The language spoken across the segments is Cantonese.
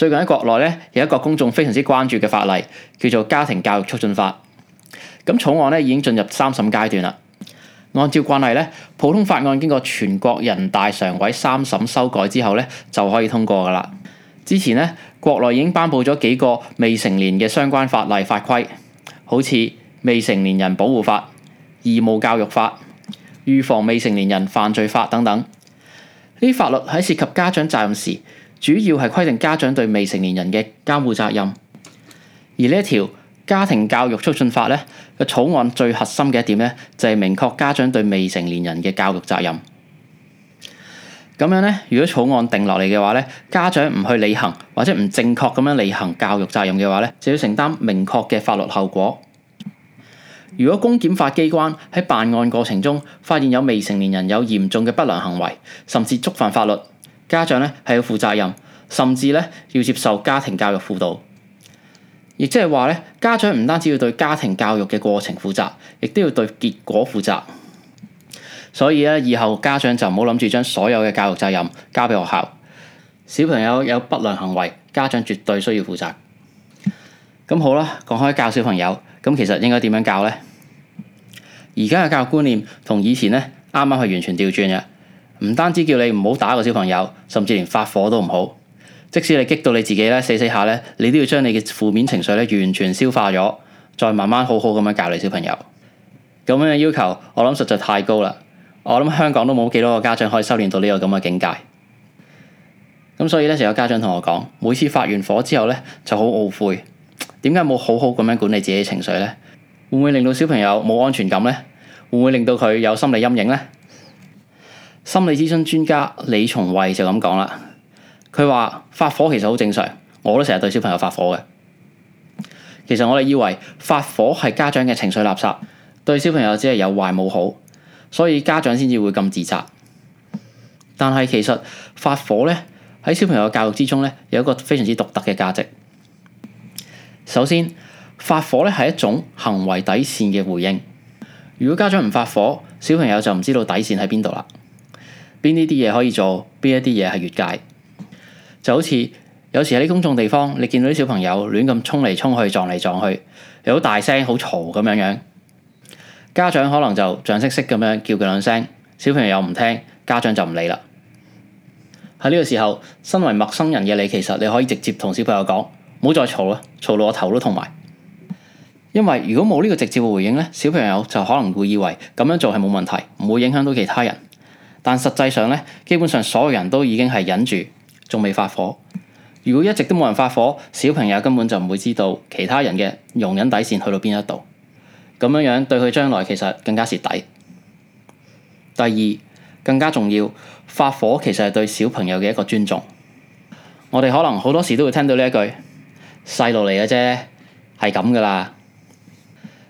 最近喺國內咧有一個公眾非常之關注嘅法例，叫做《家庭教育促進法》。咁草案咧已經進入三審階段啦。按照慣例咧，普通法案經過全國人大常委三審修改之後咧就可以通過噶啦。之前咧國內已經頒佈咗幾個未成年嘅相關法例法規，好似《未成年人保護法》、《義務教育法》、《預防未成年人犯罪法》等等。呢啲法律喺涉及家長責任時，主要係規定家長對未成年人嘅監護責任，而呢一條《家庭教育促進法》咧個草案最核心嘅一點咧，就係明確家長對未成年人嘅教育責任。咁樣咧，如果草案定落嚟嘅話咧，家長唔去履行或者唔正確咁樣履行教育責任嘅話咧，就要承擔明確嘅法律後果。如果公檢法機關喺辦案過程中發現有未成年人有嚴重嘅不良行為，甚至觸犯法律。家長咧係要負責任，甚至咧要接受家庭教育輔導，亦即係話咧家長唔單止要對家庭教育嘅過程負責，亦都要對結果負責。所以咧，以後家長就唔好諗住將所有嘅教育責任交俾學校。小朋友有不良行為，家長絕對需要負責。咁好啦，講開教小朋友，咁其實應該點樣教呢？而家嘅教育觀念同以前呢啱啱係完全調轉嘅。唔單止叫你唔好打個小朋友，甚至連發火都唔好。即使你激到你自己咧，死死下咧，你都要將你嘅負面情緒咧完全消化咗，再慢慢好好咁樣教你小朋友。咁樣嘅要求，我諗實在太高啦。我諗香港都冇幾多個家長可以修煉到呢個咁嘅境界。咁所以咧，成有家長同我講，每次發完火之後咧，就好懊悔，點解冇好好咁樣管理自己情緒咧？會唔會令到小朋友冇安全感咧？會唔會令到佢有心理陰影咧？心理諮詢專家李松蔚就咁講啦，佢話發火其實好正常，我都成日對小朋友發火嘅。其實我哋以為發火係家長嘅情緒垃圾，對小朋友只係有壞冇好，所以家長先至會咁自責。但係其實發火呢，喺小朋友嘅教育之中呢，有一個非常之獨特嘅價值。首先，發火呢係一種行為底線嘅回應。如果家長唔發火，小朋友就唔知道底線喺邊度啦。邊呢啲嘢，可以做，邊一啲嘢係越界。就好似有時喺公眾地方，你見到啲小朋友亂咁衝嚟衝去，撞嚟撞去，又好大聲，好嘈咁樣樣。家長可能就象徵式咁樣叫佢兩聲，小朋友又唔聽，家長就唔理啦。喺呢個時候，身為陌生人嘅你，其實你可以直接同小朋友講：唔好再嘈啦，嘈到我頭都痛埋。因為如果冇呢個直接嘅回應呢，小朋友就可能會以為咁樣做係冇問題，唔會影響到其他人。但實際上呢，基本上所有人都已經係忍住，仲未發火。如果一直都冇人發火，小朋友根本就唔會知道其他人嘅容忍底線去到邊一度。咁樣樣對佢將來其實更加蝕底。第二更加重要，發火其實係對小朋友嘅一個尊重。我哋可能好多時都會聽到呢一句：細路嚟嘅啫，係咁㗎啦。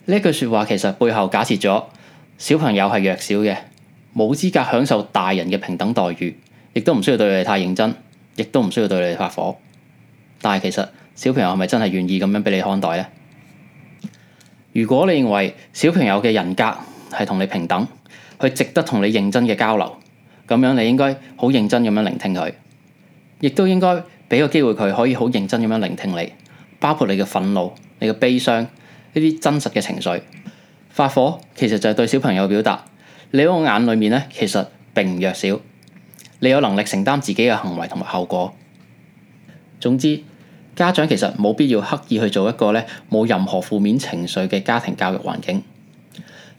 呢句説話其實背後假設咗小朋友係弱小嘅。冇資格享受大人嘅平等待遇，亦都唔需要對你哋太認真，亦都唔需要對你哋發火。但係其實小朋友係咪真係願意咁樣俾你看待呢？如果你認為小朋友嘅人格係同你平等，佢值得同你認真嘅交流，咁樣你應該好認真咁樣聆聽佢，亦都應該俾個機會佢可以好認真咁樣聆聽你，包括你嘅憤怒、你嘅悲傷，呢啲真實嘅情緒。發火其實就係對小朋友嘅表達。你喺我眼裏面咧，其實並唔弱小。你有能力承擔自己嘅行為同埋後果。總之，家長其實冇必要刻意去做一個咧冇任何負面情緒嘅家庭教育環境。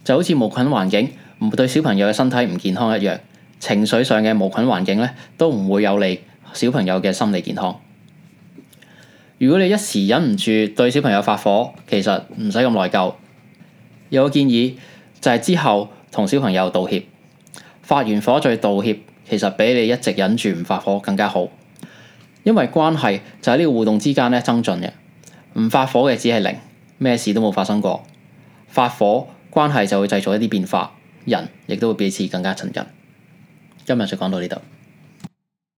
就好似無菌環境唔對小朋友嘅身體唔健康一樣，情緒上嘅無菌環境咧都唔會有利小朋友嘅心理健康。如果你一時忍唔住對小朋友發火，其實唔使咁內疚。有個建議就係、是、之後。同小朋友道歉，發完火再道歉，其實比你一直忍住唔發火更加好，因為關係就喺呢個互動之間咧增進嘅。唔發火嘅只係零，咩事都冇發生過。發火，關係就會製造一啲變化，人亦都會彼此更加親近。今日就講到呢度。